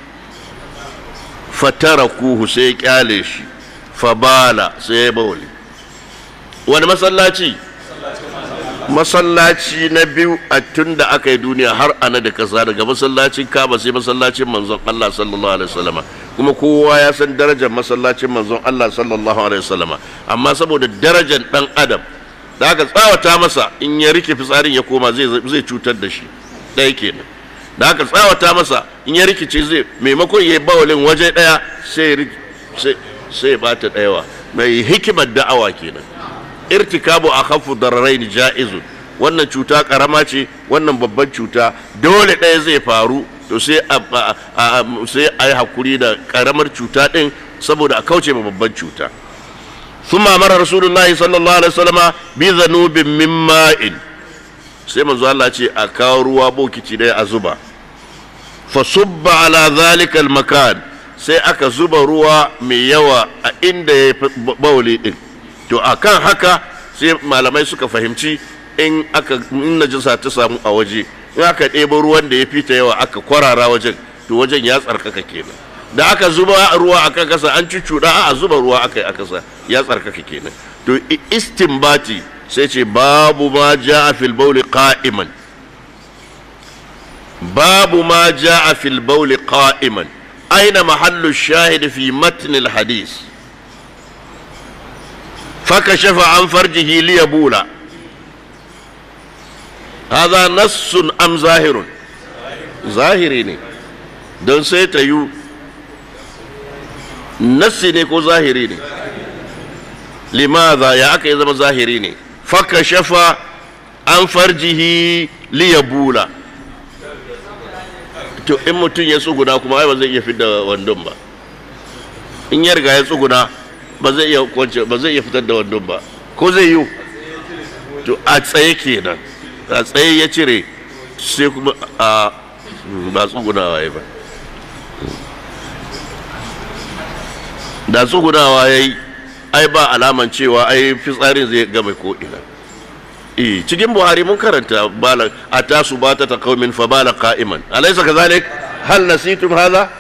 fatarakuhu sai ya kyale shi fabala sai ya bawli wani masallaci masallaci na biyu a tun da aka yi duniya har ana da kasa daga masallacin kaba sai masallacin manzon Allah sallallahu alaihi wasallama kuma kowa ya san darajar masallacin manzon Allah sallallahu alaihi wasallama amma saboda darajar dan adam da aka tsawata masa in ya rike fitsarin ya koma zai cutar da shi ɗaya kenan da aka tsawata masa in ya rikice zai maimakon ya yi bawalin waje ɗaya sai ba ta ɗayawa mai hikimar da'awa kenan irtikabu a hafu dararain ja'izu wannan cuta karama ce wannan babban cuta dole ɗaya zai faru to sai a yi hakuri da karamar cuta ɗin saboda a kauce ma babban cuta ثم امر رسول الله صلى الله عليه وسلم بذنوب من ماء sai manzo Allah ce a kawo ruwa bokiti ɗaya a zuba fa subba ala zalikal makan sai aka zuba ruwa mai yawa a inda ya bauli din to akan haka sai malamai suka fahimci in aka in ta samu a waje in aka ɗebo ruwan da ya fita yawa aka kwarara wajen to wajen ya tsarkaka kenan da aka zuba ruwa a kan kasa an cuccuɗa a zuba ruwa aka yi a kasa ya tsarkaka kenan to istinbati sai ce babu ma ja'a fil bauli qa'iman babu ma ja'a fil bauli qa'iman aina mahallu shahid fi matn al hadis فكشف عن فرجه ليبول هذا Zahiri ne. Don sai ta yi. nassi ne ko zahiri ne limaza ya aka yi zama zahiri ne faka shafa an farjihi liyabula to in mutum ya tsuguna kuma ai ba zai iya fidda wandon ba in ya riga ya tsuguna ba zai iya kwance ba zai iya fitar da wandon ba ko zai yi to a tsaye kenan a tsaye ya cire sai kuma a ba tsugunawa ya ba da tsugunawa ya yi ai ba alaman cewa ai fitsarin zai ga ko ina eh cikin buhari mun karanta bala tasu bata ta qaumin fa bala qa'iman alaysa kadhalik hal nasitum hadha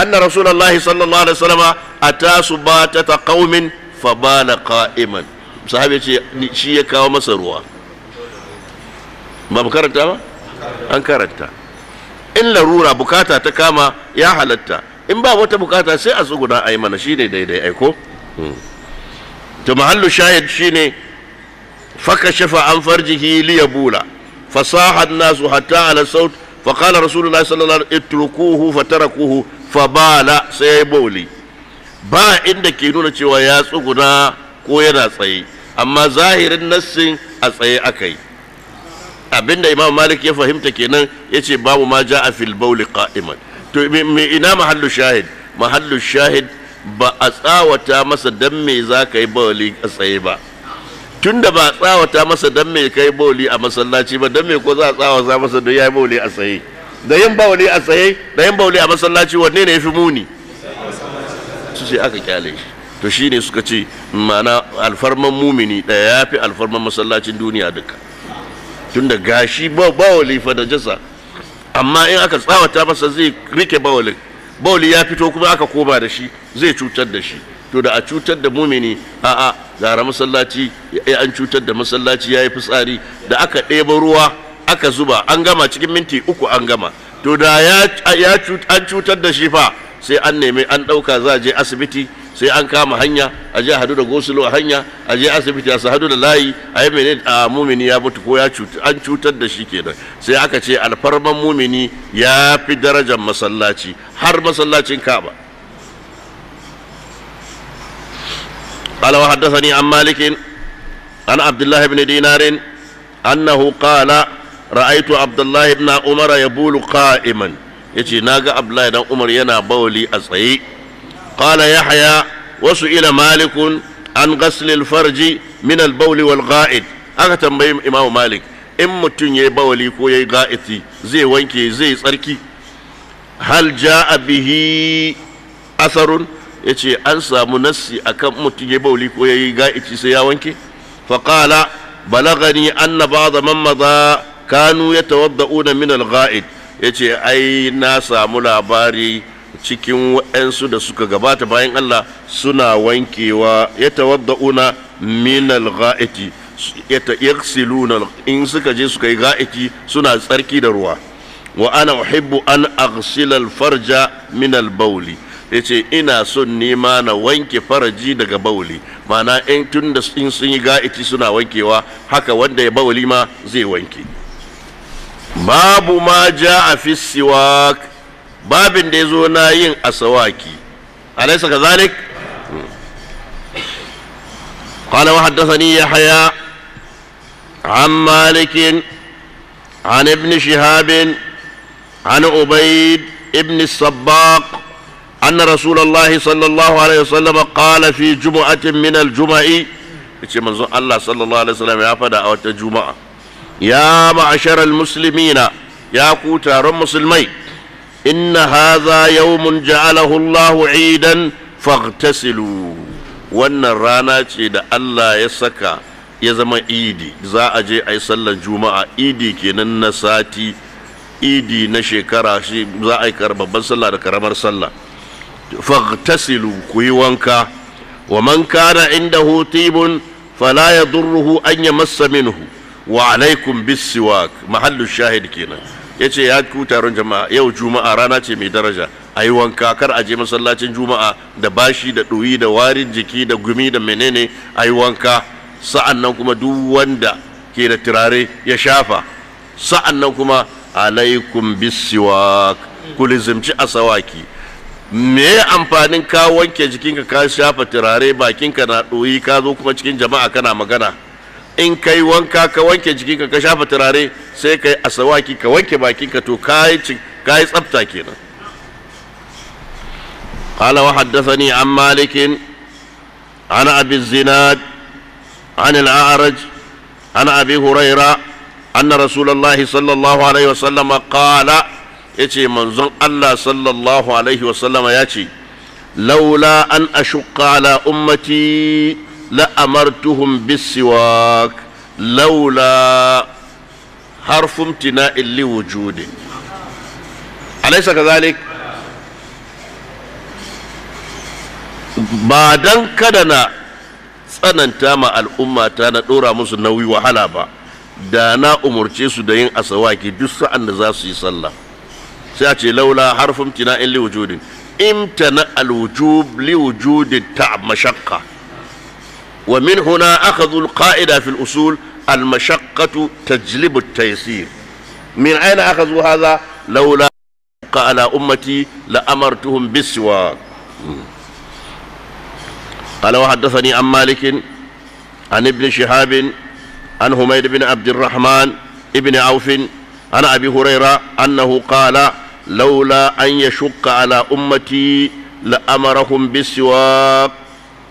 anna rasulullahi sallallahu alaihi wasallam tasu bata ta qaumin fa bala qa'iman sahabi ce shi ya kawo masa ruwa ba mu karanta ba an karanta in larura bukata ta kama ya halatta in ba wata bukata sai a tsuguna a yi mana shi ne daidai aiko hmm. to mahallu shahid shi ne faka shafa an farji liya bula fasahar nasu hatta ala saut faƙalar rasulullah sallallahu alaihi itrukuhu fatarakuhu fabala sai ya yi bauli ba inda ke nuna cewa ya tsuguna ko yana tsaye amma zahirin nassin a tsaye aka yi abinda imam malik ya fahimta kenan ya ce babu ma ja a fil bauli qa'iman to ina mahallu shahid mahallu shahid ba a tsawata masa dan me za ka yi bawali a tsaye ba tun da ba a tsawata masa dan me ka yi bawali a masallaci ba dan me ko za a tsawata masa da ya yi bawali a tsaye da yin bawali a tsaye da yin bawali a masallaci wanne ne ya fi muni su ce aka kyale shi to shine suka ce ma'ana alfarman mumini ɗaya ya fi alfarman masallacin duniya duka tunda gashi ba bawali fa da jasa amma in aka tsawata masa zai rike bawalin bawali ya fito kuma aka koma da shi zai cutar da shi to da a cutar da mumini a'a gara masallaci ya an cutar da masallaci ya yi fitsari da aka ɗebo ruwa aka zuba an gama cikin minti uku an gama to da ya an cutar da shi fa sai an nemi an ɗauka za a je asibiti sai an kama hanya a je hadu da gosulo a hanya a je asibiti a hadu da layi a yi mene a mumini ya mutu ko an cutar da shi kenan sai aka ce alfarman mumini ya fi darajar masallaci har masallacin kaba قال وحدثني عن مالك عن عبد الله بن دينار أنه قال رأيت عبد الله بن عمر يبول قائما يجي ناقة عبد الله بن عمر ينا بولي tsaye. قال يحيى وسئل مالك an غسل farji من البول والغائد aka tambayi imamu malik in mutum ya yi bawali ko ya yi ga'iti zai wanke zai tsarki hal a bihi asarun ya ce an samu nassi akan mutum ya bauli ko ya yi ga'ici sai ya wanke faƙala balagani anna ba'da man maza kanu yatawadda'una min al-ga'id ya ce ai na samu labari cikin waɗansu da suka gabata bayan Allah suna wankewa ya tawadda'una min al-gha'iti in suka je suka yi ga'iti suna tsarki da ruwa wa ana uhibbu an aghsila farja min Bauli. bawli yace ina son nema na wanke faraji daga Bauli, mana in tun da in sun yi ga'iti suna wankewa haka wanda ya bawli ma zai wanke babu ma a fi siwak babin da ya zo na yin asawaki alaisa ka zalik قال وحدثني يحيى عن مالك عن ابن شهاب عن عبيد ابن الصباق أن رسول الله صلى الله عليه وسلم قال في جمعة من الجمع الله صلى الله عليه وسلم يا فدا أو يا معشر المسلمين يا رم مسلمين inna haza yau mun جعله الله idan فاغتسلوا wannan rana ce da allah ya saka ya zama idi za a je a yi sallar juma'a idi kenan na sati idi na shekara shi za a yi babban sallah da karamar sallah fagtasilu ku yi wanka wa man kana inda tibun fala yadurruhu an yamassa minhu wa alaikum bis siwak mahallu shahid kenan ya ce ya ku taron jama'a yau juma'a rana ce mai daraja a yi wanka kar a je masallacin juma'a da bashi da ɗoyi da warin jiki da gumi da menene a yi wanka sa'an nan kuma duk wanda ke da turare ya shafa sa'an nan kuma alaikum bisiwak ku lizimci asawaki me amfanin ka wanke jikinka ka shafa turare bakinka na ɗoyi ka zo kuma cikin jama'a kana magana in kai wanka ka wanke jikinka ka shafa turare sai kai asawaki ka wanke bakinka to kai kai tsafta kenan قال وحدثني عن مالك عن أبي الزناد عن الأعرج عن أبي هريرة أن رسول الله صلى الله عليه وسلم قال يتي منزل الله صلى الله عليه وسلم يتي لولا أن أشق على أمتي لأمرتهم بالسواك لولا حرف امتناء لوجوده أليس كذلك؟ ba don kada na tsananta ma al'umma ta na ɗora musu nauyi wahala ba da na umarce su da yin asawaki duk sa'an da za su yi sallah sai a ce laula ta mashakka ومن هنا أخذوا القاعدة في الأصول المشقة تجلب التيسير من أين أخذوا هذا لولا على أمتي لأمرتهم بالسواك قال وحدثني عن مالك عن ابن شهاب عن حميد بن عبد الرحمن ابن عوف عن أبي هريرة أنه قال لولا أن يشق على أمتي لأمرهم بالسواك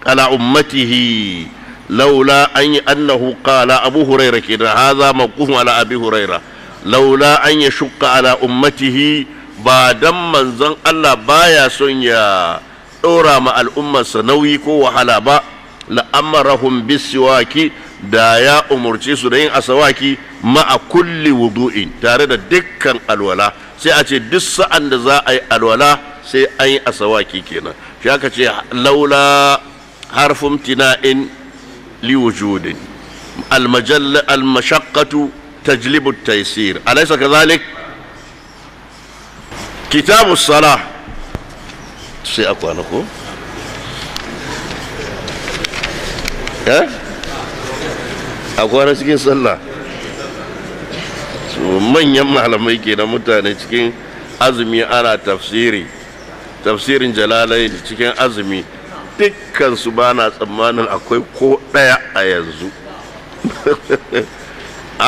ala ummatihi laula an yi annahu qala abu huraira kenan haza mawqufun ala abi huraira laula an yashqa ala ummatihi ba dan manzon Allah baya son ya ɗora ma al'ummarsa nauyi ko wahala ba la'amarahum bisiwaki da ya umarci su da yin asawaki ma'a kulli wudu'in tare da dukkan alwala sai a ce duk sa'an da za a yi alwala sai an yi asawaki kenan shi aka laula حرف امتناء لوجود المجل المشقة تجلب التيسير أليس كذلك كتاب الصلاة سيأقوانكم ها أقوانا سكين صلاة من يمع لما يكينا متاني سكين أزمي أنا تفسيري تفسير جلالين cikin أزمي dukkansu ba na tsammanin akwai ko ɗaya a yanzu (laughs)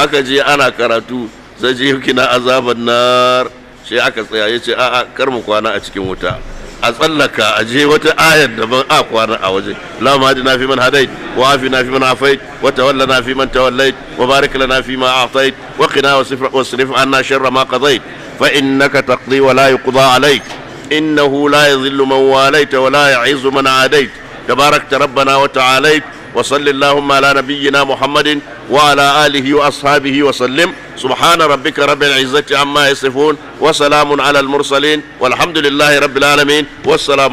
aka je ana karatu zai je kina azaban nar shi aka tsaya ya ce a'a kar mu kwana a cikin wuta a tsallaka a je wata ayar daban a kwana a waje la ma na fi man hadai. wa afi na fi man hafai. wa tawalla na fi man tawallai. wa barik lana fi ma a'tait wa qina wasrif anna sharra ma qadait fa innaka taqdi wa la yuqda alayk إنه لا يذل من واليت ولا يعز من عاديت تباركت ربنا وتعاليت وصل اللهم على نبينا محمد وعلى آله وأصحابه وسلم سبحان ربك رب العزة عما يصفون وسلام على المرسلين والحمد لله رب العالمين والسلام